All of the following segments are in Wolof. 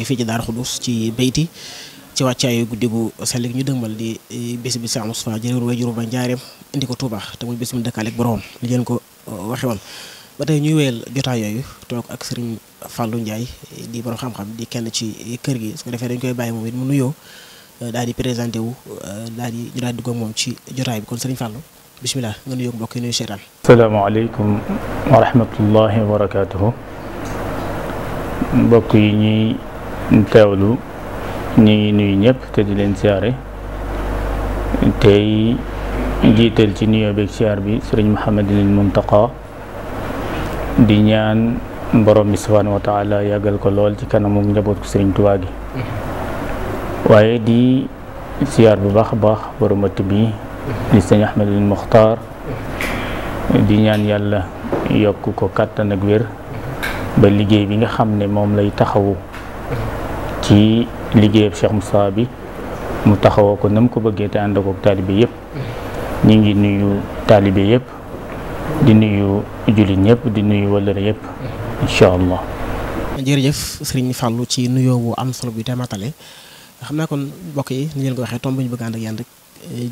gi fii ci Daaru Xudus ci bayti ci wàccaayu guddi gu sell gi ñu dëgmal di eh, bis bi Cheikh Moustapha jëréwul wayjuru ba njaareem indi ko Touba te muy bis mu dëkkaaleeg boroom li ngeen ko eh, waxe ba tey ñuy wéyal jotaay yooyu toog ak sëriñ Fallou Ndiaye eh, di borom xam-xam di kenn ci kër gi su ko defee dañ koy bàyyi moom it mu nuyoo daal di présenté wu daal di ñu daal di dugg moom ci jotaay bi kon sëriñ Fallou bisimilah nga nuyoog mbokk yi nuyu seetaan. asalaamaaleykum wa rahmatullahi teewlu ñu ngi ñëpp te di leen siyaare tey jiital ci nuyoo beeg siyaar bi sëriñ Muhammadinil Muntaqa di ñaan borom bi subhaanahu wa taala yàggal ko lool ci kanamu njaboot ko sëriñ Tuubaa waaye di siyaar bu baax a baax borom ëtt bi di sëriñ Ahmadul Muxtaar di ñaan yàlla yokk ko kàttan ak ba liggéey bi nga xam ne moom lay taxawu ci liggéeyab Cheikh Moustapha bi mu taxawa ko nam ko bëggee te ànd ak taalibe yëpp ñu ngi nuyu taalibe yëpp di nuyu jullit ñëpp di nuyu wëllëre yëpp incha allah. jërëjëf Serigne Fallou ci nuyoo bu am solo bi te matale xam naa kon mbokk yi ni ngeen ko waxee tomb bi ñu bëgg ànd eh,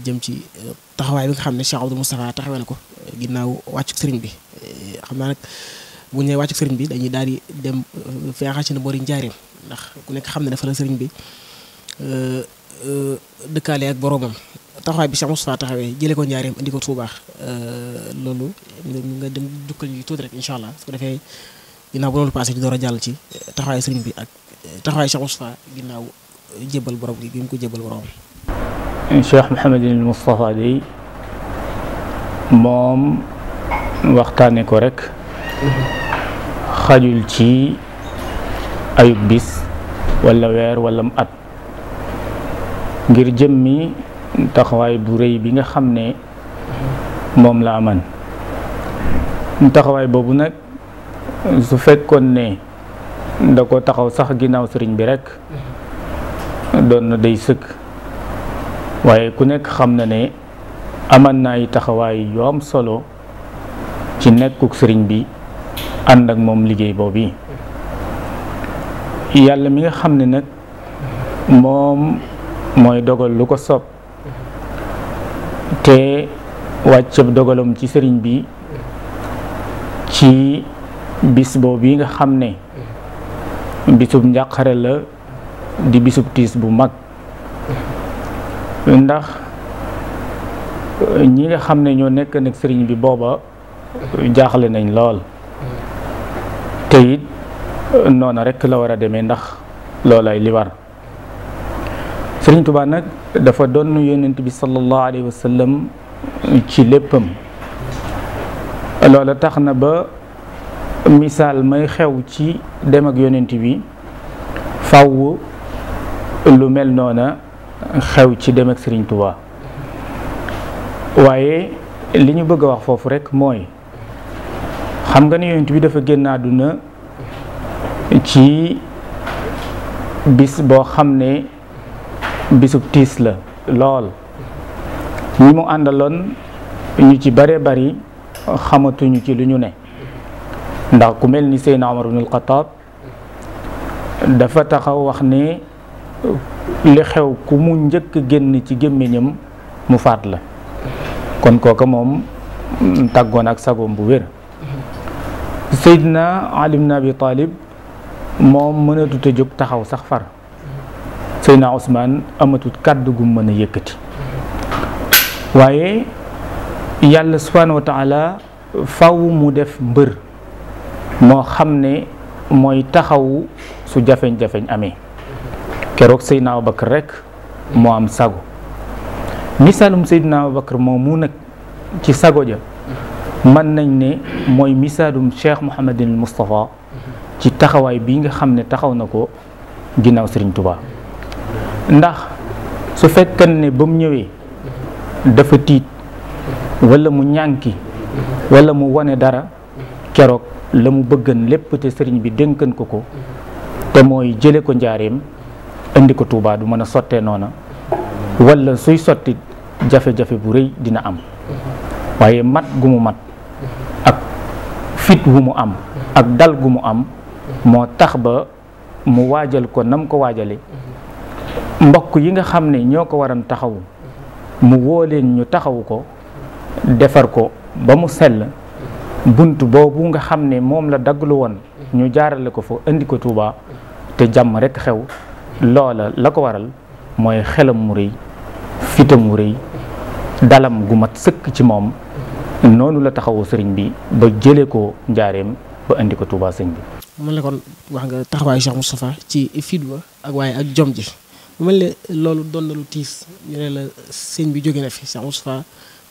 jëm ci eh, taxawaay bi nga xam ne Cheikh Abdou Moustapha taxawee na ko eh, ginnaaw wàccu Serigne bi xam naa nag bu ñu nee wàccu Serigne bi dañuy daal di dem feexa ci na boori njaareem. ndax ku nekk xam ne dafa la sëriñ bi euh, euh, dëkkaale ak boroomam taxawaay bi Cheikh Moustapha taxawee jëlee ko njaareem indi ko Tuubaa euh, loolu nga dem dukkal ñu tuuti rek incha allah su ko defee ginnaaw bu loolu passé ñu door a jàll ci taxawaayu sëriñ bi ak taxawaayu Cheikh Moustapha ginnaaw jébbal borom gi bi mu ko jébbal boroomam. Cheikh Mouhamadul Moustapha day moom waxtaane ko rek mm-hmm. xajul ci. ayub bis walla weer wala mu at ngir jëmmi taxawaay bu rëy bi nga xam ne moom laa man taxawaay boobu nag su fekkoon ne da ko taxaw sax ginnaaw sëriñ bi rekk doon na day sëkk waaye ku nekk xam na ne aman na ay taxawaay yu solo ci nekkuk sëriñ bi ànd ak moom liggéey boobu yàlla mi nga xam ne nag moom mooy dogal lu ko sob te wàccab dogalam ci sëriñ bi ci bis boobu yi nga xam ne bisub njàqare la di bisub tiis bu mag ndax ñi nga xam ne ñoo nekk nag sëriñ bi booba jaaxle nañ lool te noona rekk la war a demee ndax loolay li war Sëriñ Tuubaa nag dafa doon yonent bi sallallahu alayhi wa ci léppam loola tax na ba misaal may xew ci dem ak yonent bi fàww lu mel noona xew ci dem ak Sëriñ waaye li ñu bëgg a wax foofu rekk mooy xam nga ne yonent bi dafa génn àdduna ci bis boo xam ne bisub tiis la lool ñi mu àndaloon ñu ci bare bari xamatuñu ci lu ñu ne ndax ku mel ni Seydina Omar ibnul Xataab dafa taxaw wax ne li xew ku mu njëkk génn ci gémmiñam mu faat la kon kooka moom tàggoon ak sagoom bu wér Seydina Ali ibn Abi Talib moom mënatut a jóg taxaw sax far Seydina Ousmane amatul kàddu gu mën yëkkati waaye yàlla subhanahu wa taala faw mu def mbër moo xam ne mooy taxaw su jafeñ-jafeñ amee keroog Seydina Abubakar rek moo am sago misaalum Seydina Abubakar moom mu nag ci sago ja mën nañ ne mooy misaalum Cheikh Mouhamadinil Moustapha ci taxawaay bii nga xam ne taxaw na ko ginnaaw sëriñ Touba ndax su fekkan ne ba mu ñëwee dafa tiit wala mu ñànki wala mu wane dara keroog la mu bëggan lépp te sëriñ bi dénkan ko ko te mooy jële ko njaareem indi ko Touba du mën a sottee noona walla suy sotti jafe-jafe bu rëy dina am waaye mat gu mu mat ak fit wu mu am ak dal gu mu am moo tax ba mu waajal ko nam ko waajale mbokk yi nga xam ne ñoo ko waran taxawu mu woo leen ñu taxawu ko defar ko ba mu sell bunt boobu nga xam ne moom la dagglu woon ñu jaarale ko fa indi ko Tuuba te jàmm rekk xew loola la ko waral mooy xelam mu rëy fitam mu rëy dalam gu mat sëkk ci moom noonu la taxawu sëriñ bi ba jële ko njaareem ba indi ko Tuuba sëñ bi mu ne kon wax nga taxawaayu Cheikh Moustapha ci fidwa ak waaye ak jom ji mu ne loolu doon na lu tiis ñu ne la sëñ bi jóge na fi Cheikh Moustapha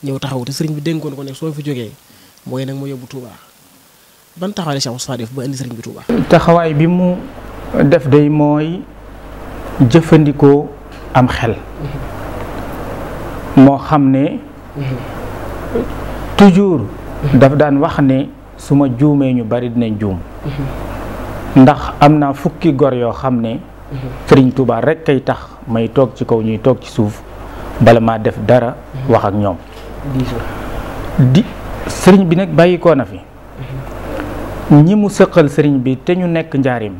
ñëw taxaw te sëriñ bi dénkoon ko ne soo fi jógee mooy nag mu yóbbu Touba ban taxawaay la Cheikh Moustapha def ba indi sëriñ bi Touba. taxawaay bi mu def day mooy jëfandikoo am xel mhm. moo xam ne mhm. toujours mhm. daf daan wax ne su ma juumee ñu bari dinañ juum. ndax am naa fukki gor yoo xam ne sëriñ Touba rekk kay tax may toog ci kaw ñuy toog ci suuf bala maa def dara wax ak ñoom di sëriñ bi nag bàyyikoo na fi ñi mu sëqal sëriñ bi te ñu nekk njaarim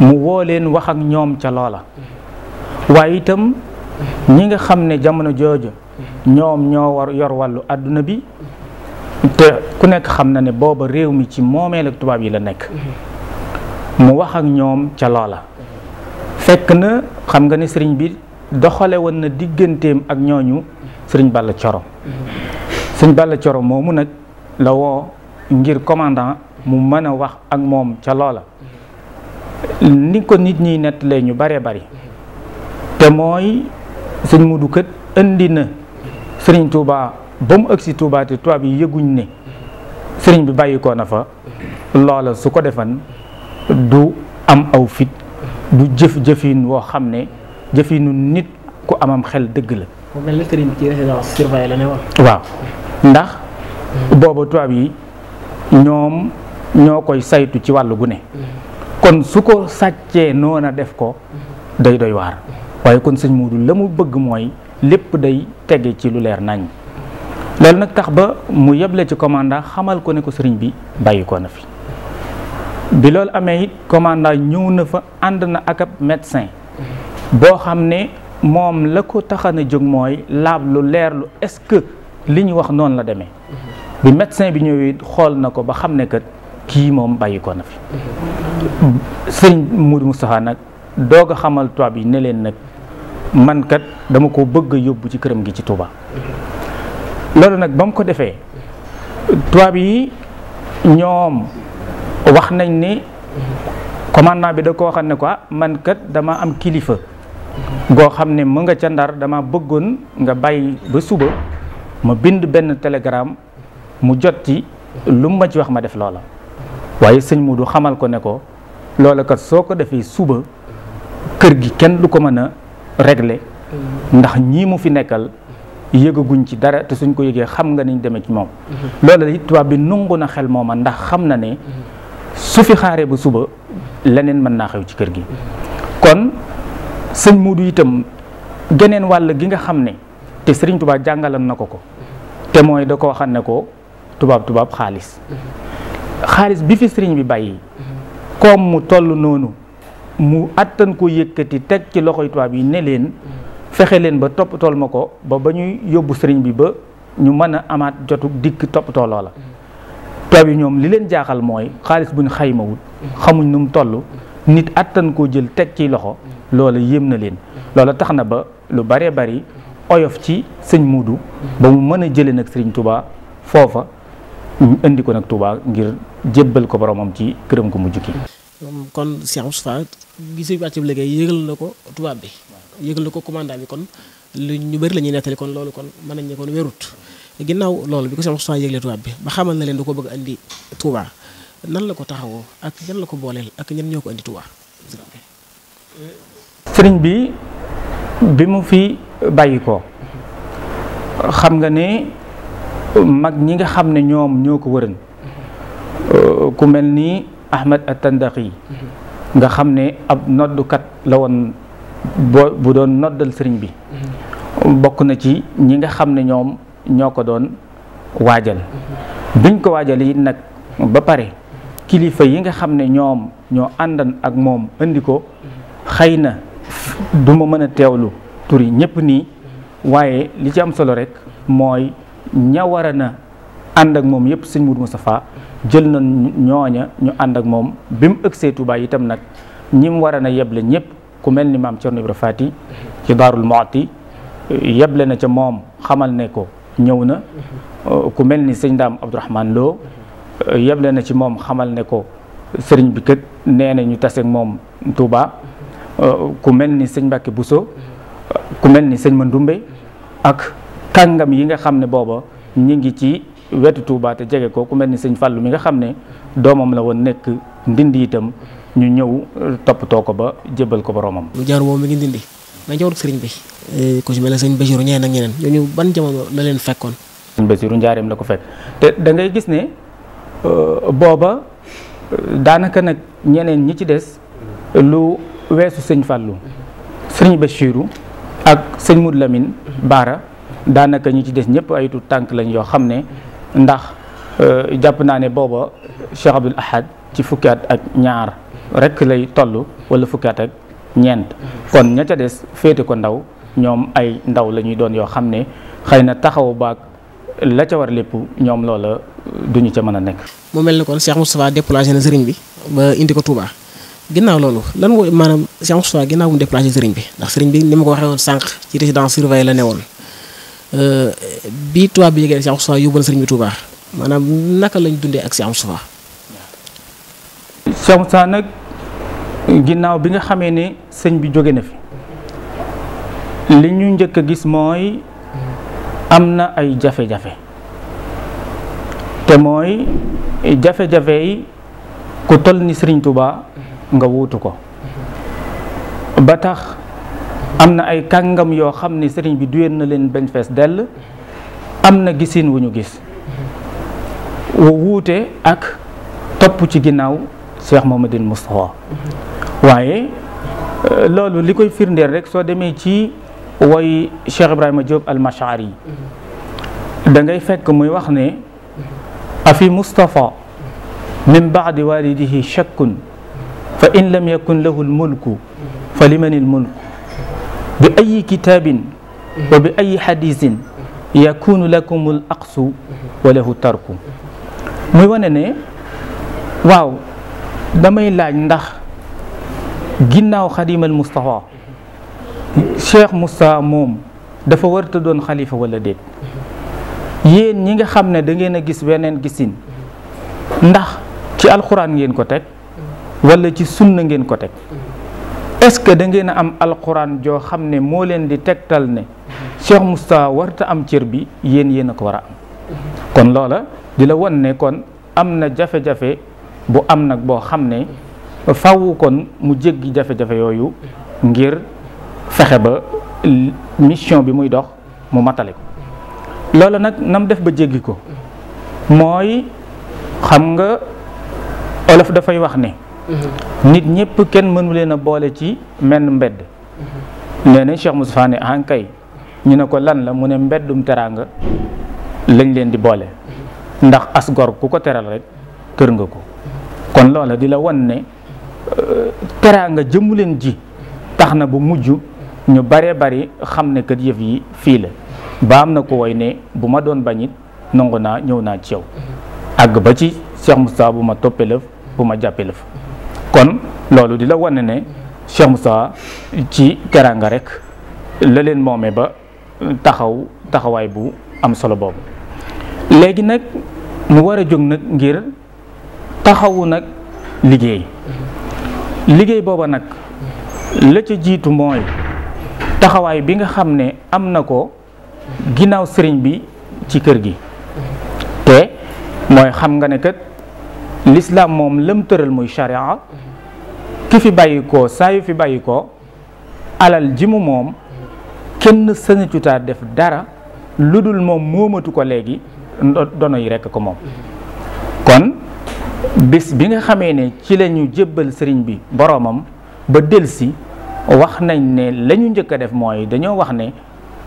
mu woo leen wax ak ñoom ca loola waaye itam ñi nga xam ne jamono jooju ñoom ñoo war yor wàllu àdduna bi te ku nekk xam na ne booba réew mi ci moomeel ak tubaab yi la nekk mu wax ak ñoom ca loola fekk na xam nga ni sëriñ bi doxalewoon na digganteem ak ñooñu sëriñ ball Coro sëriñ Balla Coro moomu nag la woo ngir commandant mu mën a wax ak moom ca loola ni ko nit ñiy nettalee ñu bare bari te mooy sëñ Mudu kët indi na sëriñ Touba ba mu ëgsi Touba te tubaab yi yëguñ ne sëriñ bi bàyyi na fa loola su ko defan du am aw fit du jëf jëfin woo xam ne jëfinu nit ku amam xel dëgg la. mel na sëriñ bi waaw ndax booba tubaab yi ñoom ñoo koy saytu ci wàll gu ne. kon su ko sàccee noona def ko day doy waar waaye kon sëñ Moodu la mu bëgg mooy lépp day tege ci lu leer nañ loolu nag tax ba mu yeble ci commandant xamal ko ne ko sëriñ bi bàyyi ko fi. bi loolu amee it commandant ñëw na fa ànd na ak ab médecin boo xam ne moom la ko taxan a jóg mooy laab lu leer lu est-ce que li ñu wax noonu la demee bi médecin bi ñëwee xool na ko ba xam ne kat kii moom bàyyi ko na fi sëriñ mu saxaan nag doog a xamal tubaab yi ne leen nag man kat dama ko bëgg a yóbbu ci këram gi ci Touba loolu nag ba mu ko defee tubaab yi ñoom wax nañ ni commandement bi da koo xam ne quoi man kat dama am kilifa goo xam ne mu nga ca ndar dama bëggoon nga bàyyi ba suba ma bind benn télégramme mu jot ci lu ma ci wax ma def loola waaye sëñ mu du xamal ko ne ko loola kat soo ko defee suba kër gi kenn du ko mën a régler ndax ñii mu fi nekkal yëgaguñ ci dara te suñ ko yëgee xam nga niñ demee ci moom mhm. loola it tubaab bi nungu na xel mooma ndax xam na ne mhm. su fi xaaree ba suba leneen mën naa xew ci kër gi kon sëñ Moodu itam geneen wàll gi nga xam ne te Sëriñ Tuubaa jàngalan na ko ko te mooy da koo xam ne ko tubaab tubaab xaalis xaalis bi fi sëriñ bi bàyyi comme mu toll noonu mu attan ko yëkkati teg ci loxoy tubaab yi ne leen fexe leen ba toppatool ma ko ba ba ñuy yóbbu sëriñ bi ba ñu mën a amaat jotu dikk toppatoo loola tubaab yi ñoom li leen jaaxal mooy xaalis buñ xaymawut xamuñ nu mu toll nit àttan koo jël teg ci loxo loola yéem na leen loola tax na ba lu baree bari oyof ci sëñ muudu ba mu mën a jëlee nag sëriñ tubaa foofa indi ko nag tubaa ngir jébbal ko boromam ci këram ko mujj ki kon gi suñu loolu kon mën nañ ne kon wérut ginnaaw loolu bi ko Cheikh Moustapha yëgle tubaab bi ba xamal na leen du ko bëgg andi Touba nan la ko taxawoo ak ñan la ko booleel ak ñan ñoo ko andi Touba. sëriñ bi bi mu fi bàyyi ko xam nga ne mag ñi nga xam ne ñoom ñoo ko wëran ku mel ni Ahmad At-Tandaki nga xam ne ab noddukat la woon boo bu doon noddal sëriñ bi bokk na ci ñi nga xam ne ñoom ñoo ko doon waajal biñ ko waajal yi nag ba pare kilifa yi nga xam ne ñoom ñoo àndan ak moom indi ko xëy na du ma mën a teewlu tur yi ñëpp nii waaye li ci am solo rek mooy ña war na ànd ak moom yëpp sëñ Mourou Moustapha jël na ñooña ñu ànd ak moom bi mu ëgsee Touba itam nag ñi mu war a na yeble ñëpp ku mel ni maam Thierno faati ci Daarul Muhti yeble na ca moom xamal ne ko ñëw na ku mel ni sëñ daam Abdourahmane Lo yeble na ci moom xamal ne ko sëriñ bi kët nee na ñu taseeg moom Touba ku mel ni sëñ Mbacke Bousso ku mel ni sëñ Mandoumbe ak kàngam yi nga xam ne booba ñu ngi ci wetu Touba te jege ko ku mel ni sëñ Fàllu mi nga xam ne doomam la woon nekk ndindi itam ñu ñëw toppatoo ko ba jébbal ko boromam. lu jaar mi ngi ndindi. mais njabootu sëriñ bi ku ci mel ne sëriñ Basiru ñeneen ak ñeneen ñu ban jamono la leen fekkoon. sëriñ Basiru njaareem la ko fekk te dangay gis ne euh, booba euh, daanaka nag ñeneen ñi ci des lu weesu sëñ Fallou sëriñ Basiru ak sëñ Moudou Lamine Baara daanaka ñi ci des ñëpp ay tànk lañ yoo xam ne ndax euh, jàpp naa ne booba Cheikh Abdoul Ahad ci fukki at ak ñaar rek lay toll wala fukki ak ñeent kon ña ca des féete ko ndaw ñoom ay ndaw la ñuy doon yoo xam ne xëy na taxaw baag la ca war lépp ñoom loola duñu ca mën a nekk. mu mel ni kon Cheikh Moustapha déplacé na sëriñ bi ba indi ko Touba ginnaaw loolu lan mooy maanaam Cheikh Moustapha ginnaaw mu déplacé bi ndax sëriñ bi ni ma ko waxee woon sànq ci résidence surveillée la ne woon euh, bi tubaab bi yëgee Cheikh Moustapha yóbbu na sëriñ bi Touba maanaam naka lañ dundee ak Cheikh Moustapha. Cheikh Moustapha nag. ginnaaw bi nga xamee ne sëñ bi jóge na fi li ñu njëkk a gis mooy am na ay jafe-jafe te mooy jafe jafey yi ku toll ni Sëriñ Tuba nga wuutu ko ba tax am na ay kàngam yoo xam ne sëriñ bi duyeen na leen bañ fees dell am na gisin wu ñu gis wu wuute ak topp ci ginnaaw Cheikh Mouhamadoul Moustapha waaye euh, loolu li koy firndeel rek soo demee ci woy Cheikh Ibrahima Diop mm-hmm. fekk muy wax ne mm-hmm. afi Mustafa min baadi walidihi shakkun mm-hmm. fa lam yakun lahu almulku fa liman almulku bi ayi kitabin wa bi ayi lakum al aqsu wa muy wane ne waaw damay laaj ndax ginnaaw xadimal Moustapha Cheikh Moustapha moom dafa warta doon xalifa walla déet yéen ñi nga xam ne dangeen a gis weneen gisin ndax ci alxuraan ngeen ko teg wala ci sunna ngeen ko teg est-ce que da ngeen a am alxuraan joo xam ne moo leen di tegtal ne Cheikh Moustapha warta am cër bi yéen yéen a ko war a am kon loola di la won ne kon am na jafe-jafe bu am nag boo xam ne faw kon mu jéggi jafe-jafe yooyu ngir fexe ba mission bi muy dox mu matale ko loolu nag nam def ba jéggi ko mooy xam nga olof dafay wax ne mhm. nit ñëpp kenn mënu leen a boole ci menn mbedd mhm. nee na Cheikh Moustapha ankay ah, ñu ne ko lan la mu ne mbeddum teraanga lañ leen di boole mhm. ndax as gor ku ko teral rek kër nga ko kon loola di la wan ne teraanga jëmmu leen ji tax na bu mujj ñu baree bari xam ne kat yëf yi fii la ba am na ko woy ne bu ma doon bañit nangu naa ñëw naa ci yow àgg ba ci Cheikh Moustapha bu ma toppee lëf bu ma jàppee lëf kon loolu di la wane ne Cheikh Moustapha ci teraanga rek la leen moomee ba taxaw taxawaay bu am solo boobu léegi nag mu war a jóg nag ngir taxawu nag liggéey liggéey booba nag la ca jiitu mooy taxawaay bi nga xam ne am na ko ginnaaw sëriñ bi ci kër gi te mooy xam nga ne kat lislaam moom lëm tëral muy sharia ki fi bàyyi ko saa yu fi bàyyi ko alal ji mu moom kenn sañatutaa def dara lu dul moom moomatu ko léegi dono yi rekk ko moom kon bis bi nga xamee ne ci la ñu jébbal sëriñ bi boroomam ba delsi wax nañ ne lañu ñu njëkk a def mooy dañoo wax ne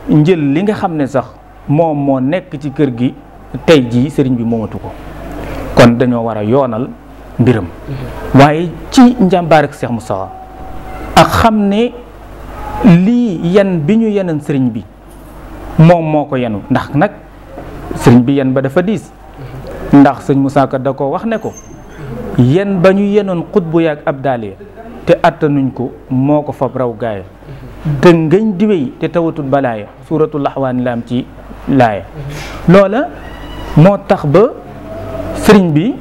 njël li nga xam ne sax moom moo nekk ci kër gi tey jii sëriñ bi moomatu ko kon dañoo war a yoonal mbiram waaye ci njàmbaar ak Seex Musaa ak xam ne lii yan bi ñu yenan sëriñ bi moom moo ko yenu ndax nag sëriñ bi yan ba dafa diis ndax sëñ Moussa Ka da ko wax ne ko yenn ba ñu yenoon xutbu yaag ab daale te attanuñ ko moo ko fab raw gaaya te ngëñ di te tawatul balaaya suuratul laxwaani laam ci laaya loola moo tax ba sëriñ bi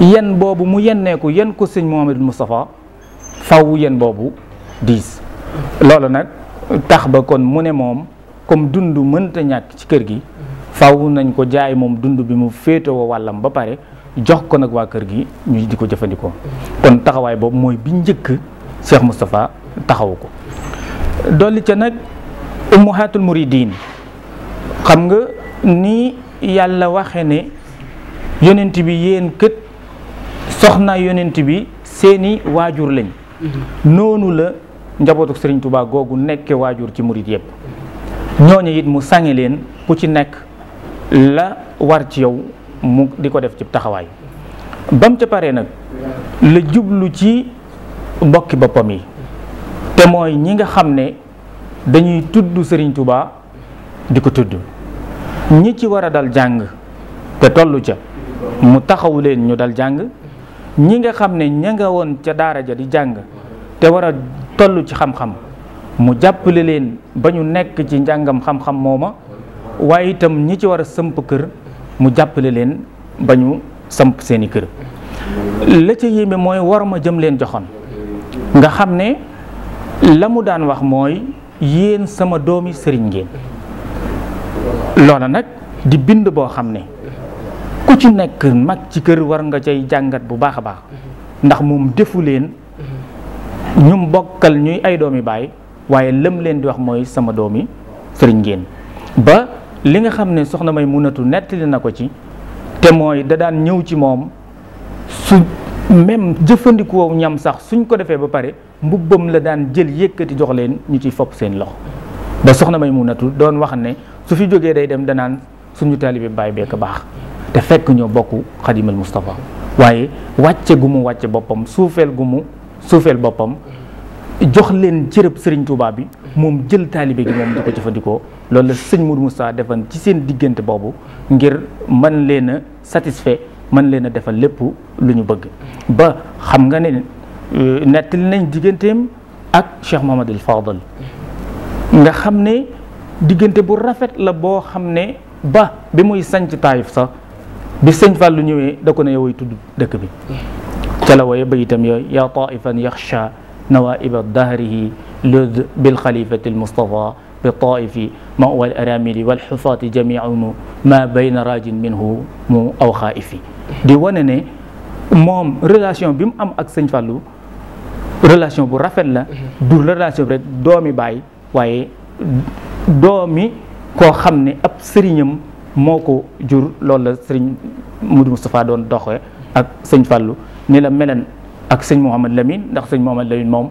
yen boobu mu yenneeku yenn ko sëñ Mouhamadou Moustapha faw yen boobu diis loolu nag tax ba kon mu ne moom comme dund mënta ñàkk ci kër gi faw nañ ko jaay moom dund bi mu féetewoo wàllam ba pare jox ko nag waa kër gi ñu di ko jëfandikoo kon taxawaay boobu mooy bi njëkk Cheikh Moustapha taxawu ko dolli ca nag ummahatul diin xam nga ni yàlla waxe ne yonent bi yéen kët soxna yonent bi seeni waajur lañ noonu la njabootu Serigne Touba googu nekke waajur ci murid yëpp ñooñu it mu sange leen ku ci nekk la war ci yow mu di ko def ci taxawaay bam ca paree nag la jublu ci mbokki boppam yi te mooy ñi nga xam ne dañuy tudd Sëriñ Tuubaa di ko tudd ñi ci war a dal jàng te tollu ca mu taxawu leen ñu dal jàng ñi nga xam ne ña nga woon ca daara ja di jàng te war a toll ci xam-xam mu jàppale leen ba ñu nekk ci njàngam xam-xam mooma waaye itam ñi ci war a samp kër mu jàppale leen ba ñu samp seeni kër la ca yéeme mooy war ma jëm leen joxoon nga xam ne la mu daan wax mooy yéen sama doomi sëriñ ngeen loola nag di bind boo xam ne ku ci nekk mag ci kër war nga cay jàngat bu baax a baax ndax moom defu leen ñum bokkal ñuy ay doomi baay waaye lëm leen di wax mooy sama doomi sëriñ ngeen ba li nga xam ne soxna may munatu nettali na ko ci te mooy da daan ñëw ci moom su même jëfandikoo ñam sax suñ ko defee ba pare mbubbam la daan jël yëkkati jox leen ñu ciy fopp seen loxo ba soxna may munatu doon wax ne su fi jógee day dem danaan suñu taalibe baay beek baax te fekk ñoo bokk xadimal Moustapha waaye wàcce gu mu wàcce boppam suufeel gu mu suufeel boppam jox leen cërëb sëriñ Touba bi moom jël taalibe gi moom di ko jëfandikoo loolu la sëñ Mourou Moussa defan ci seen diggante boobu ngir man leen a satisfait man leen a defal lépp lu ñu bëgg ba xam nga ne euh, nettali nañ digganteem ak Cheikh Mouhamadul Fadal nga xam ne diggante bu rafet la boo xam ne ba bi muy sanc taayif sax bi sëñ lu ñëwee da ko ne yow tudd dëkk bi ca ba itam yooyu yaa taifan yaxsha نوائب الدهره لذ بالخليفة المصطفى بالطائف مأوى الأرامل والحفاة جميعهم ما بين راج منه mu aw xaaif di wane ne moom relation bi mu am ak sëñ Fallou relation bu rafet la du relation bi rek doomi baay waaye doomi koo xam ne ab sëriñam moo ko jur loolu la sëriñ Modou Moustapha doon doxe ak sëñ Fallou ni la melen ak sëñ Mouhamad Lamine ndax sëñ Mouhamad Lamine moom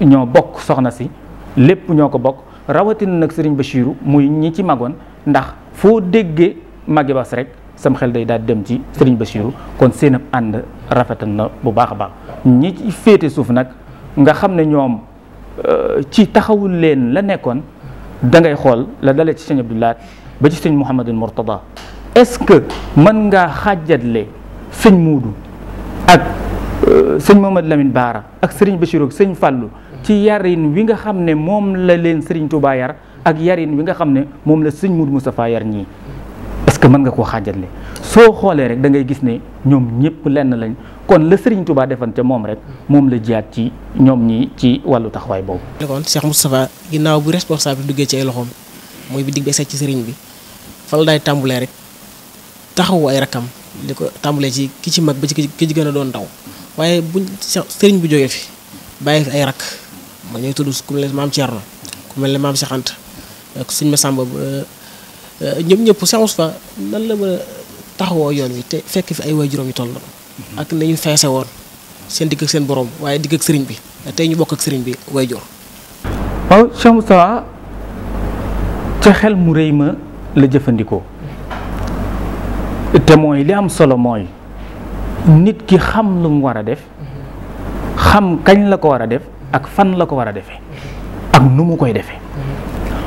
ñoo bokk soxna si lépp ñoo ko bokk rawatina nag sëriñ Bachiru muy ñi ci magoon ndax foo déggee magi bas rek sam xel day daal dem ci sëriñ Bachiru kon seen ab ànd rafetal na bu baax a baax ñi ci féete suuf nag nga xam ne ñoom euh, ci taxawul leen la nekkoon da ngay xool la dalee ci sëñ Abdoulaat ba ci sëñ Mouhamadou Mourtada est-ce que xàjjatle sëñ Muudu ak sëñ Mamadou Lamine Baara ak sëriñ Bachirou sëñ Fallou ci yarin wi nga xam ne moom la leen sëriñ Touba yar ak yarin wi nga xam ne moom la sëñ Mourou Moustapha yar ñii parce que mën nga koo xaajatle soo xoolee rek da ngay gis ne ñoom ñëpp lenn lañ kon la sëriñ Touba defan ca moom rek moom la jiyaat ci ñoom ñi ci wàllu taxawaay boobu. kon Cheikh ginnaaw bu responsable duggee ci ay loxoom mooy bi digg ci sëriñ bi fan la daay tàmbalee rek taxawu ay rakam li ko tàmbalee ci ki ci mag ba ci ki ci gën a doon ndaw waaye buñ sëriñ bu jógee fi bàyyi fi ay rakk ma ñooy tuddu ku mel ne maam Thierno ku mel ne maam Cheikh Anta ma sëñ Massamba euh, ñoom ñëpp sens fa nan la mën taxawoo yoon wi te fekk fi ay waajuram yu toll ak nañu feese woon seen dikk ak seen boroom waaye digg ak sëriñ bi tey ñu bokk ak sëriñ bi waajur. waaw Cheikh Moustapha ca xel mu rëy ma la jëfandikoo te mooy li am solo mooy. nit ki xam lu mu war a def xam kañ la ko war a def ak fan la ko war a defee ak nu mu koy defee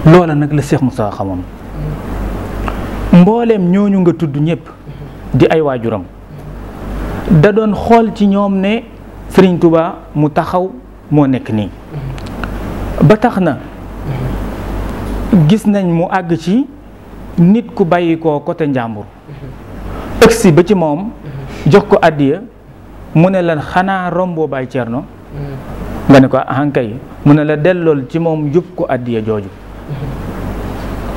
loola nag la Cheikh Moustapha xamoon mbooleem ñooñu nga tudd ñëpp di ay waajuram da doon xool ci ñoom ne Serigne Touba mu taxaw moo nekk nii ba tax na gis nañ mu àgg ci nit ku bàyyi ko côté njàmbur ëgsi ba ci moom jox ko addiya mu ne la xanaa romboo baay cerno nga ne ko hankay mu ne la dellool ci moom yóbbu ko addiya jooju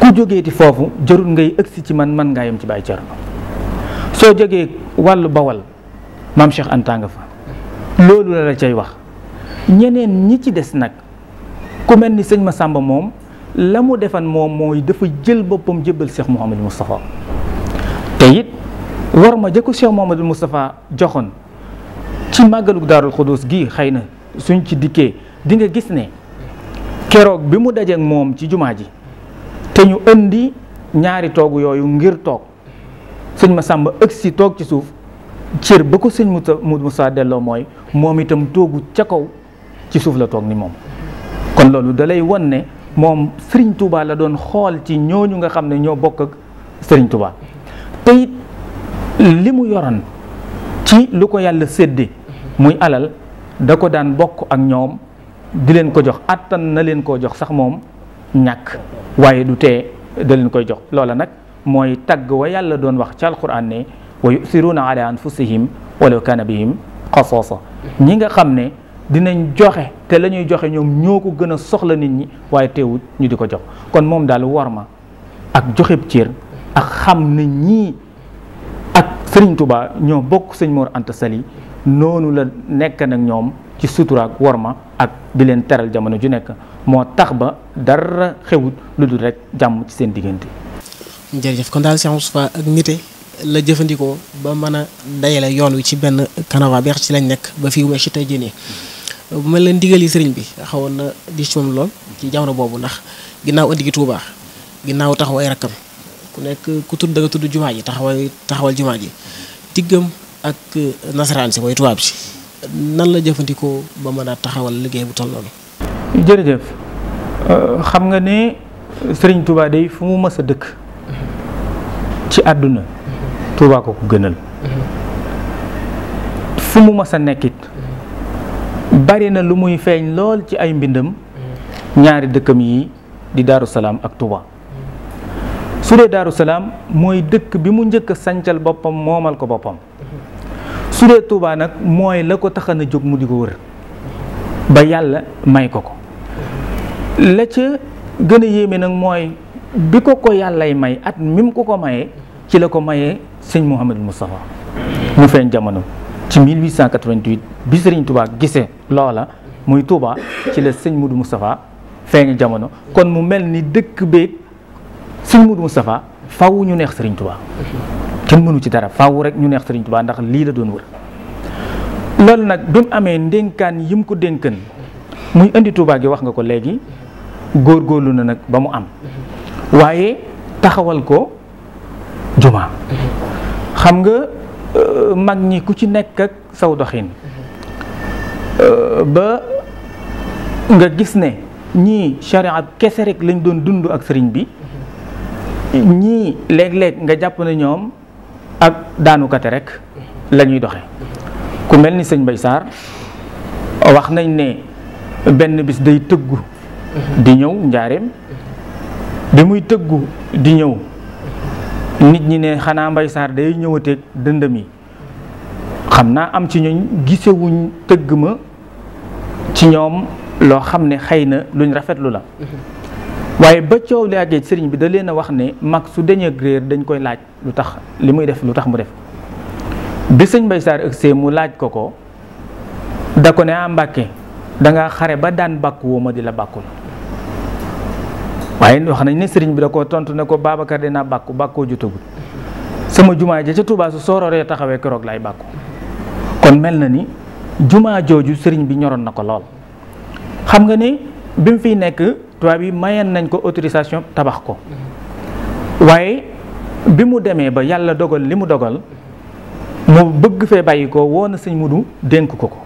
ku jógeeti foofu jarul ngay ëgsi ci man man ngaa yem ci baay cerno soo jógee wàllu bawal maam Cheikh Anta nga fa loolu la la cay wax ñeneen ñi ci des nag ku mel ni sëñ Massamba moom la mu defan moom mooy dafa jël boppam jébbal Cheikh Mouhamadou Moustapha te it war ma jëkku Cheikh Mouhamadul Moustapha joxoon ci màggalug daarul xudus gi xëy na suñ ci dikkee dinga gis ne keroog bi mu dajeek moom ci jumaa ji te ñu indi ñaari toogu yooyu ngir toog sëñ ma sàmba ëgsi toog ci suuf cër ba ko sëñ Moussa delloo mooy moom itam toogu ca kaw ci suuf la toog ni moom kon loolu dalay won ne moom sëriñ Touba la doon xool ci ñooñu nga xam ne ñoo bokk ak Serigne Touba li mu yoroon ci lu ko yàlla sédde muy alal da ko daan bokk ak ñoom di leen ko jox attan na leen koo jox sax moom ñàkk waaye du tee da leen koy jox loola nag mooy tagg wa yàlla doon wax ci alquran ne wa yusiruuna ala anfusihim walaw kaana bihim xasoosa ñi nga xam ne dinañ joxe te lañuy joxe ñoom ñoo ko gën a soxla nit ñi waaye teewut ñu di ko jox kon moom daal war ak joxeb cër ak xam ne ñii sëriñ Touba ñoo bokk sëñ moor Anta Sali noonu la nekk nag ñoom ci suturaak worma ak di leen teral jamono ju nekk moo tax ba dara xewut lu dul rekk jàmm ci seen diggante. jërëjëf kon daal Cheikh Moustapha ak nite la jëfandikoo ba mën a dayale yoon wi ci benn kanava beex ci lañ nekk ba fi fii weesu tey jii bu ma leen digal yi sëriñ bi xawoon na di ci moom lool ci jamono boobu ndax ginnaaw andi gi Touba ginnaaw taxaw ay rakkam ku nekk ku tudd da nga tudd jumaa ji taxawal taxawal jumaa ji. diggam ak euh, nasaraan si mooy tubaab si nan la jëfandikoo ba mën a taxawal liggéey bu toll jërëjëf euh, xam nga ne Serigne Touba day fu mu mës a dëkk ci àdduna Touba ko ko gënal fu mu mës a nekkit bari na lu muy feeñ lool ci ay mbindam ñaari dëkkam yi di Daaru ak Touba. su dee Salaam mooy dëkk bi mu njëkk a sancal boppam moomal ko boppam su dee Touba nag mooy la ko taxan jóg mu di ko wër ba yàlla may ko ko la ca gën a yéeme nag mooy bi ko ko yàllay may at mim ko ko maye ci la ko maye sëñ Mouhamadou Moustapha mu feeñ jamono ci 1888 bi sëriñ Touba gisee loola muy Touba ci la sëñ Moudou Moustapha feeñ jamono kon mu mel ni dëkk beeg sëñ Modou Moustapha faaw ñu neex Serigne Touba kenn mënu ci dara faw rek ñu neex Serigne Touba ndax lii la doon wër loolu nag bi mu amee ndénkaan yi mu ko dénkan muy indi Touba gi wax nga ko léegi góor góorlu na nag ba mu am waaye taxawal ko jumaa xam nga euh, mag ñi ku ci nekk ak saw doxin euh, ba nga gis ne ñii shariat kese rek lañ doon dund ak sëriñ bi ñii léeg-léeg nga jàpp ne ñoom ak daanukate rekk lañuy ñuy doxe ku mel ni sëñ Mbay Sarr wax nañ ne benn bis day tëggu di ñëw njaareem bi muy tëggu di ñëw nit ñi ne xanaa Mbay Sarr day ñëwateeg dëndëm yi xam naa am ci ñooñ gisewuñ tëgg ma ci ñoom loo xam ne xëy na luñ rafetlu la waaye ba coow li àggee sëriñ bi da leen a wax ne mag su dañee réer dañ koy laaj lu tax li muy def lu tax mu def bi sëñ bay Saar ëgsee mu laaj ko ko da ko ne a ah, danga xare ba daan bàkku woo ma di la bàkkul waaye wax nañ ne sëriñ bi da ko tontu ne ko Babacar naa bàkku bàkkoo jotagul sama jumaa ja ca Tuubaa su soororee taxawee keroog lay bàkku kon mel na ni jumaa jooju sëriñ bi ñoroon na ko lool xam nga ne bi mu fiy nekk tubaab yi mayeen nañ ko autorisation tabax ko mhm. waaye bi mu demee ba yàlla dogal li mu dogal mu bëgg fee bàyyi ko woona sëñ mudu dénk ko ko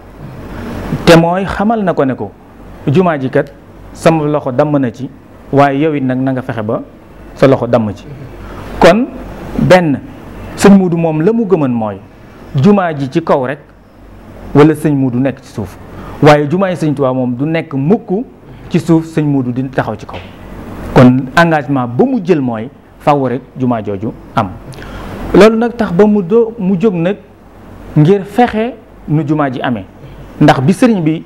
te mooy xamal na ko ne ko jumaa ji kat sama loxo damm na ci waaye yow it nag nanga fexe ba sa loxo dàmm ci mhm. kon benn sëñ mudu moom la mu gëman mooy jumaa ji ci kaw rek wala sëñ mudu nekk ci suuf waaye jumaa yi sëñ Tuubaa moom du nekk mukk ci suuf sëñ Moodu di taxaw ci kaw kon engagement ba mu jël mooy faaw rek jumaa jooju am loolu nag tax ba mu doo mu jóg nag ngir fexe nu jumaa ji amee ndax bi sëriñ bi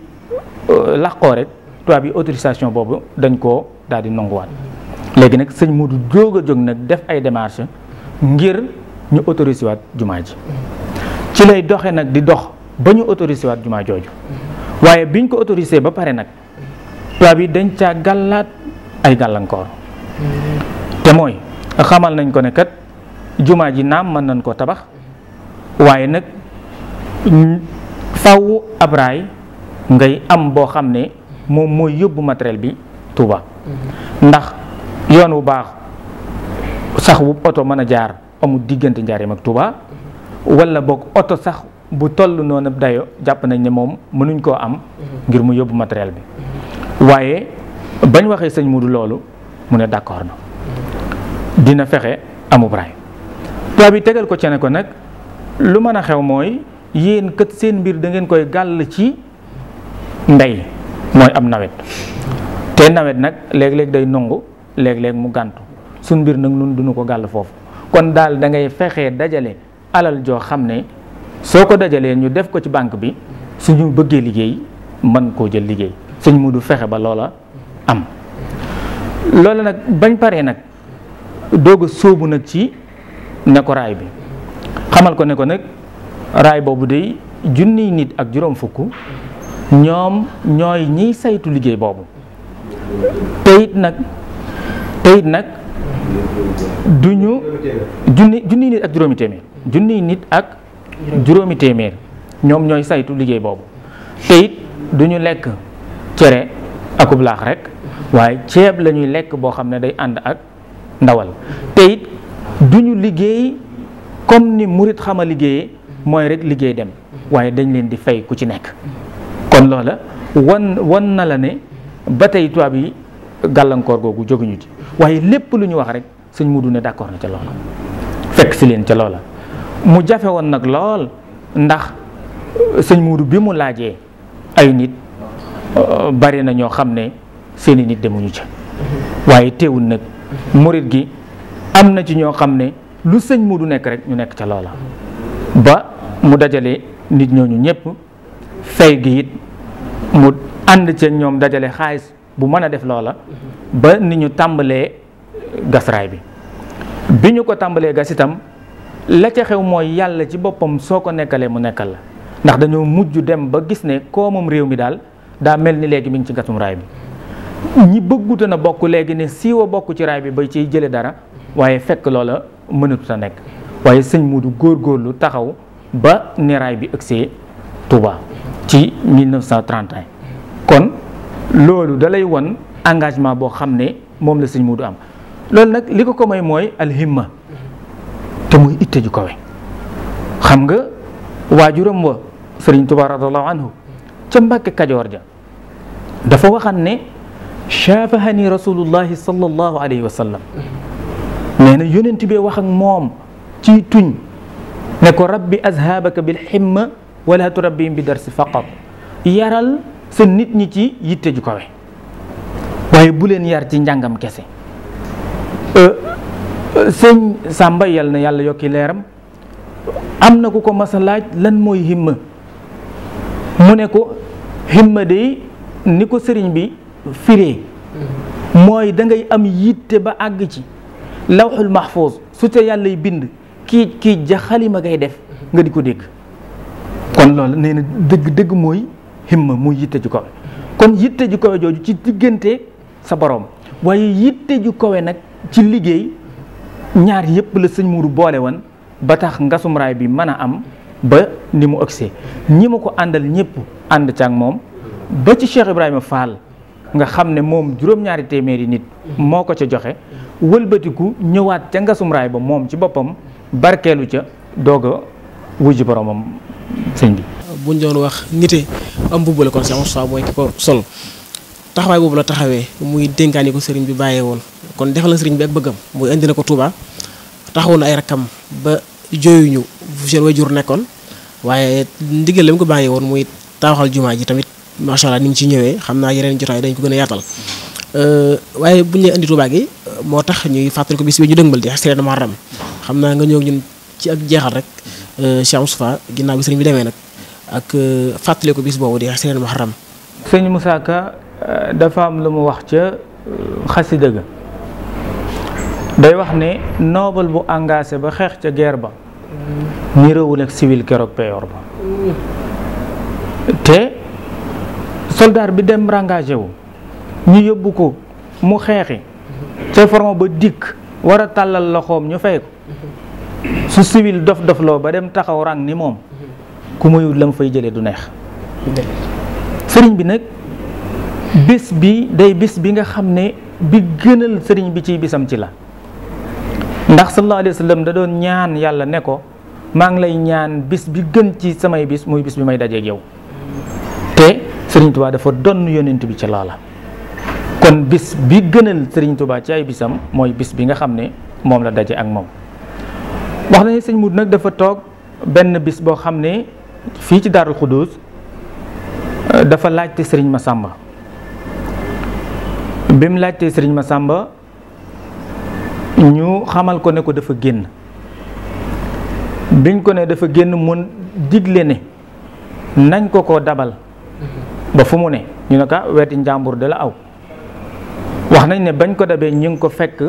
euh, làqoo rek tubaab bi autorisation boobu dañ koo daal di nanguwaat léegi nag sëñ Moodu jóg a jóg nag def ay démarches ngir ñu autorisé waat jumaa ji ci lay doxe ñu waat jumaa jooju ko autorisé ba pare nag tubaab yi dañ caa gàllaat ay gàllankoor te mooy xamal nañ ko ne kat jumaa ji naa mën nañ koo tabax waaye nag faw ab raay ngay am boo xam ne moom mooy yóbbu matériel bi Touba ndax yoon wu baax sax wu oto mën a jaar amul diggante njaareem ak Touba wala boog oto sax bu toll noonu dayo jàpp nañ ne moom mënuñ koo am ngir mu yóbbu matériel bi waaye bañ waxee sëñ Modou loolu mu ne d'accord na dina fexe amub raay bi tegal ko ci ne ko nag lu mën a xew mooy yéen kat seen mbir da ngeen koy gàll ci ndey mooy am nawet te nawet nag léeg-léeg day nongu léeg-léeg mu gàntu suñ mbir nag lu duñu ko gàll foofu kon daal da ngay fexee dajale alal joo xam ne soo ko dajalee ñu def ko ci banque bi suñu bëggee liggéey mën koo jël liggéey sëñ du fexe ba loola am loola nag bañ pare nag doog a sóobu nag ci ne ko raay bi xamal ko ne ko nag raay boobu day junniy nit ak juróom fukk ñoom ñooy ñiy saytu liggéey boobu teyit nag teyit nag du ñu junni junniy nit ak juróomi junniy nit ak juróomi téeméer ñoom ñooy saytu liggéey boobu teyit du ñu lekk cere akub rek waaye ceeb lañuy lekk boo xam ne day ànd ak ndawal te it du ñu liggéey comme ni murit a liggéeye mooy rek liggéey dem waaye dañ leen di fay ku ci nekk kon loola wan wan na la ne ba tey tubaab yi gàllankoor googu jóguñu ci waaye lépp lu ñu wax rek sëñ Mudu ne d'accord na ca loola fekk si leen ca loola mu jafe woon nag lool ndax sëñ Mudu bi mu laajee ay nit bari na ñoo xam ne seeni nit demuñu ca waaye teewul nag murit gi am na ci ñoo xam ne lu sëñ mu du nekk rek ñu nekk ca loola ba mu dajale nit ñooñu ñëpp fay gi it mu ànd ca ñoom dajale xaalis bu mën a def loola ba ni ñu tàmbalee gasraay bi bi ñu ko tàmbalee gas itam la ca xew mooy yàlla ci boppam soo ko nekkalee mu nekkal la ndax dañoo mujj dem ba gis ne koomam réew mi daal daa mel ni léegi mi ngi ci gatum raay bi ñi bëgguta na bokk léegi ne siiwa bokk ci raay bi bay ciy jële dara waaye fekk loola mënatuta nekk waaye sëñ góor góorgóorlu taxaw ba ni raay bi ëgsee Touba ci 1931 kon loolu dalay won engagement boo xam ne moom la sëñ Modou am loolu nag li ko ko may mooy alhimma te muy itte ju kawe xam nga waajuram wa sëriñ Touba radiyallahu anhu ca Mbàkke Kajoor ja dafa waxan ne shaafahani rasulullahi sallallahu alayhi wa sallam nee na yonent bee wax ak moom ci tuñ ne ko rabbi azhabaka bil ximma wala turabbihim bi darsi faqat yaral sa nit ñi ci yitte ju kawe waaye bu leen yar ci njàngam kese euh, euh, sëñ Sàmba na yàlla yokki leeram am na ku ko mas laaj lan mooy himma mu ne ko himma day ni ko sëriñ bi firee mooy dangay am yitte ba àgg ci lawxul mahfuz su te yàllay bind kii kii ja xalima ngay def nga di ko dégg kon loolu nee na dëgg dëgg mooy himma muy yitte ju kawe kon yitte ju kawe jooju ci diggante sa boroom waaye yitte ju kawe nag ci liggéey ñaar yépp la sëñ muuru boole woon ba tax ngasum raay bi mën a am ba ni mu ëgsee ñi ma ko àndal ñëpp ànd ca ak moom ba ci Cheikh Ibrahima Fall nga xam ne moom juróom-ñaari téeméeri nit moo ko ca joxe wëlbatiku ñëwaat ca ngasum raay ba moom ci boppam barkeelu ca doog a wujji boromam sëñ bi. buñ doon wax nite am mbubb la kon Cheikh Moustapha ko sol taxawaay boobu la taxawee muy dénkaani ko sëriñ bi bàyyee woon kon defal na sëriñ bi ak bëggam muy indi na ko Touba taxawu na ay rakkam ba jooyuñu seen way jur nekkoon waaye ndigal la ko bàyyee woon muy tawaxal jumaa ji tamit. macha allah ni ngi ci ñëwee xam naa yeneen jotaay dañ ko gën a yaatal euh, waaye bu ñu lay indi Tuubaa gi moo tax ñuy fàttali ko bis bi ñu dëngbal di seen Muharram xam naa nga ñëw ñun ci ak jeexal rek euh, Cheikh Moustapha ginnaaw bi sëriñ bi demee nag ak euh, fàttali ko bis boobu di seen Muharram. sëñ Moussa Ka dafa am lu mu wax ca xasida ga day wax ne noble bu engagé ba xeex ca guerre ba niroowul ak civil keroog peyoor ba mm. soldaar bi dem rengagé wu ñu yóbbu ko mu xeexi ca forme ba dikk war a tàllal loxoom ñu fay ko su civil dof dofloo ba dem taxaw rang ni moom ku mayut la mu fay jëlee du neex sëriñ bi nag bis bi day bis bi nga xam ne bi gënal sëriñ bi ci bisam ci la ndax sallallahu alayhi wa sallam da doon ñaan yàlla ne ko maa ngi lay ñaan bis bi gën ci samay bis muy bis bi may dajeeg yow Serigne Touba dafa donn yonent bi ci laala kon bis bi gënal sëriñ Touba ci ay bisam mooy bis bi nga xam ne moom la daje ak moom wax nañu sëñ nag dafa toog benn bis boo xam ne fii ci Daarul Xuduus euh, dafa laajte Serigne Massamba bi mu laajtee ma sàmba ñu xamal ko ne ko dafa génn biñ ko ne dafa génn mun digle ne nañ ko ko dabal ba fu mu ne ñu ne ka ah, weti njàmbur de la aw wax nañ ne bañ ko dabee ñu ngi ko fekk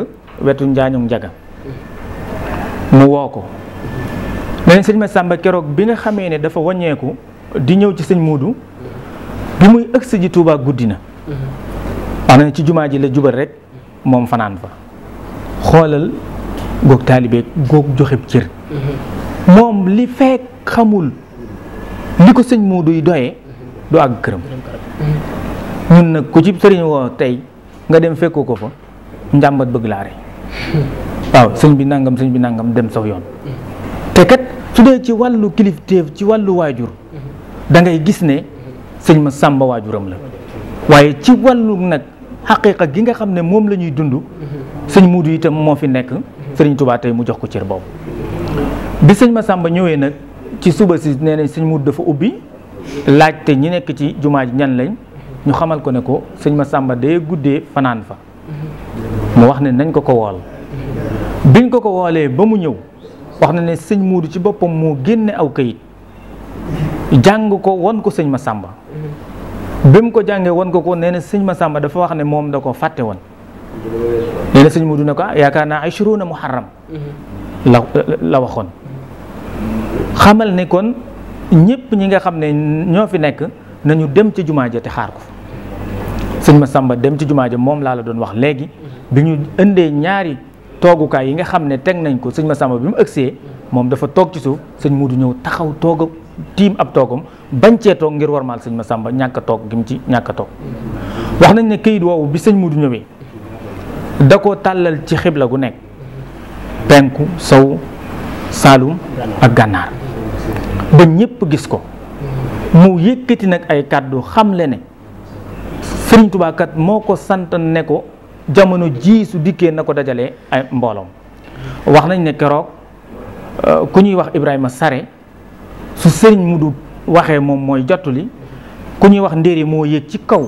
wetu njaañum njaga mu woo ko leneen sëñ ma sàmba keroog bi nga xamee ne dafa waññeeku di ñëw ci sëñ muudu bi muy ëgsi ji Tuubaa guddi na wax na ne ci jumaa ji la jubal rek moom fanaan fa xoolal goog taalibe goog joxeb cër mm-hmm. moom li fekk xamul li ko sëñ muudu yi doyee du àgg këram ñun nag ku ci sëriñ woo tey nga dem fekkoo ko fa njàmbat bëgg laa rey waaw sëñ bi nangam sëñ bi nangam dem saw yoon te kat su dee ci wàllu kilifteef ci wàllu waajur da gis ne sëñ ma sàmba waajuram la waaye ci wàllu nag xaqiiqa gi nga xam ne moom lañuy dund sëñ muudu itam moo fi nekk sëriñ tubaa tey mu jox ko cër boobu bi sëñ ma sàmba ñëwee nag ci suba si nee sëñ muudu dafa ubbi laajte ñi nekk ci jumaa ji ñan lañ ñu xamal ko ne ko sëñ ma sàmba day guddee fanaan fa mu wax ne nañ ko ko wool biñ ko ko woolee ba mu ñëw wax na ne sëñ muudu ci boppam moo génne aw kayit jàng ko won ko sëñ ma sàmba bi ko jàngee won ko ko nee na sëñ ma sàmba dafa wax ne moom da ko fàtte woon nee na sëñ muudu ne ko ah, yaakaar naa ay shuruuna muharram mm-hmm. la la waxoon xamal ne kon ñëpp ñi nga xam ne ñoo fi nekk nañu dem ci jumaa ja te xaar ko sëñ ma sàmba dem ci jumaa ja moom laa la doon wax léegi mhm. bi ñu indee ñaari toogukaay yi nga xam ne teg nañ ko sëñ ma sàmba bi mu ëgsee moom dafa toog ci suuf sëñ Muudu ñëw taxaw toog tiim ab toogam bañ cee toog ngir warmaal sëñ ma sàmba ñàkk a toog gim ci ñàkk toog mhm. wax nañ ne kayit woowu bi sëñ Muudu ñëwee da ko tàllal ci xibla gu nekk mhm. penku sow saalum ak gànnaar ba ñépp gis ko mu yëkkati nag ay kàddu xam le ne sëriñ Tuubaa moo ko sant ne ko jamono jii su dikkee na ko dajalee ay mbooloom wax nañ ne keroog euh, ku ñuy wax Ibrahima Sare su sëriñ mu du waxee moom mooy jottuli ku ñuy wax yi moo yëg ci kaw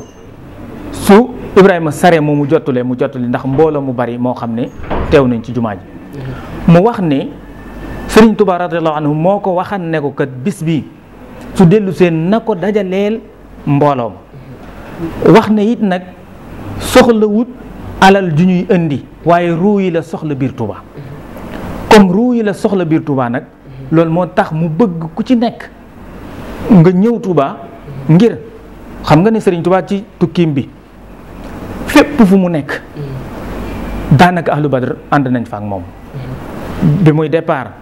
su Ibrahima Sare moomu jottulee mu jottuli ndax mbooloom mu bari moo xam ne teew nañ ci jumaa ji mu wax ne sëriñ Tuubaa radiyallaahu anhu moo ko waxan ne ko kat bis bi su dellu seen na ko dajaleel mbooloom wax na it nag soxla wut alal ju ñuy indi waaye ruu yi la soxla biir Tuubaa comme ruu yi la soxla biir Tuubaa nag loolu moo tax mu bëgg ku ci nekk nga ñëw Tuubaa ngir xam nga ne sëriñ Tuubaa ci tukkiim bi fépp fu mu nekk daanaka ahlu badr ànd nañ fa moom bi muy départ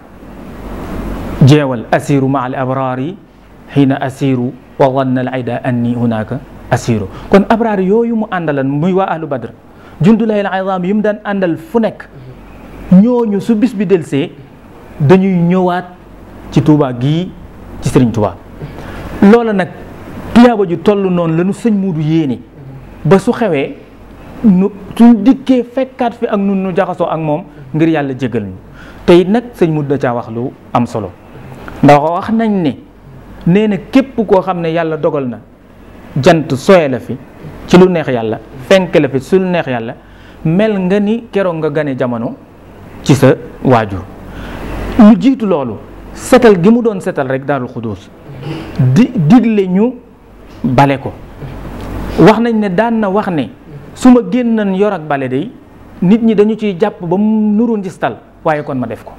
jeewal asiru ma al abraari xiina asiru wa wanna al ayda anni hunaka asiru kon abraar yooyu mu àndalan muy waa ahlu badr jundulahi al azam yi mu daan àndal fu nekk ñooñu su bis bi delsee dañuy ñëwaat ci tuubaa gii ci Sëriñ Touba loola nag tiyaaba ju toll noonu la sëñ muudu yéene ba su xewee nu suñ fekkaat fi ak nun nu jaxasoo ak moom ngir yàlla jégal ñu tey nag sëñ muudu da caa wax lu am solo ndax wax nañ ne nee na képp koo xam ne yàlla dogal na jant soye la fi ci lu neex yàlla fenk la fi su lu neex yàlla mel nga ni keroog nga gane jamono ci sa waajur lu jiitu loolu setal gi mu doon setal rek daarul xuduus di digle ñu bale ko wax nañ ne daan na wax ne su ma génnan yor ak bale day nit ñi dañu ciy jàpp ba mu nuru njistal waaye kon ma def ko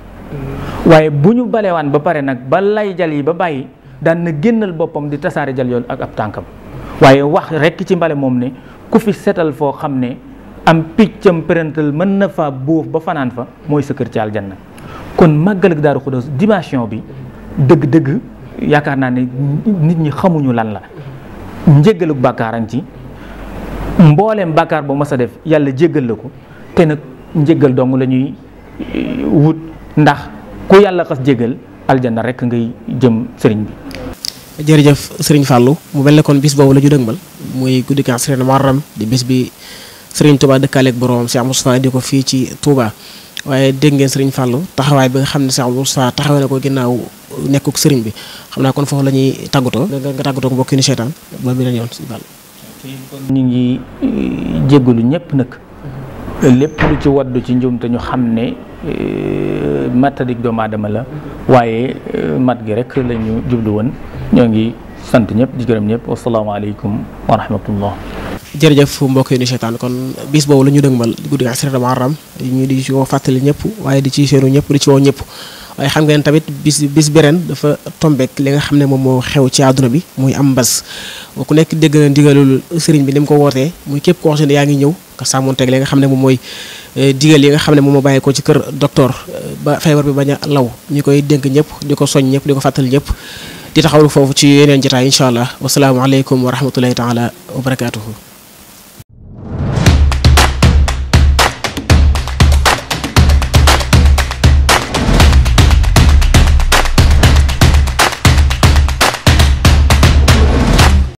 waaye bu ñu balewaan ba pare nag ba lay jal yi ba bàyyi daan na génnal boppam di tasaare jal yoon ak ab tànkam waaye wax rekk ci mbale moom ne ku fi setal foo xam ne am piccam pérantal mën na fa buuf ba fanaan fa mooy sa kër ci aljanna kon màggal ak daaru xudoos dimension bi dëgg-dëgg yaakaar naa ne nit ñi xamuñu lan la njéggaluk bàkkaar ci mbooleem bàkkaar bu mas a def yàlla jéggal la ko te nag njéggal dong la ñuy eh, wut ndax ku yàlla xas jégal aljanna rek ngay jëm sëriñ bi. jërëjëf sëriñ Fallou mu mel ne kon bis boobu la ñu dëgmal muy guddi kan sëriñ Maram di bi sëriñ Touba dëkkaaleeg boroom Cheikh Moustapha di ko fii ci Touba. waaye dégg ngeen sëriñ Fallou taxawaay bi nga xam ne Cheikh Moustapha taxawee na ko ginnaaw nekkuk sëriñ bi xam naa kon foofu la ñuy tàggatoo nga tàggatoo ko mbokki ni seetaan ba bi la yoon sëriñ Fallou ñu ngi eh, jéggalu ñëpp nag mhm. lépp lu ci waddu ci njum te ñu xam ne a euh, mattadik doomu aadama la waaye euh, mat gi rek la ñu jublu woon ñoo ngi sant ñëpp di gërëm ñëpp wasalaamaaleykum wa rahmatullah jërëjëf mbokk yi ni seetaan kon bis boobu la ñu dëgmal guddi asrata maram ñu di ci woo fàttali ñëpp waaye di ci seenu ñëpp di ci woo ñëpp waaye xam ngeen tamit bis bis bi ren dafa tombeek li nga xam ne moom moo xew ci àdduna bi muy am mbas ku nekk dégg na ndigalul sëriñ bi ni mu ko wootee muy képp koo xam yaa ngi ñëw nga sàmmonteeg li nga xam ne moom mooy eh, digal yi nga xam ne moom moo bàyyi ko ci kër docteur eh, ba feebar bi bañ a law ñu koy dënk ñëpp di ko soñ ñëpp di ko fàttali ñëpp di taxawlu foofu ci yeneen jotaay incha allah wasalaamaaleykum wa rahmatullahi taala wa barakaatuhu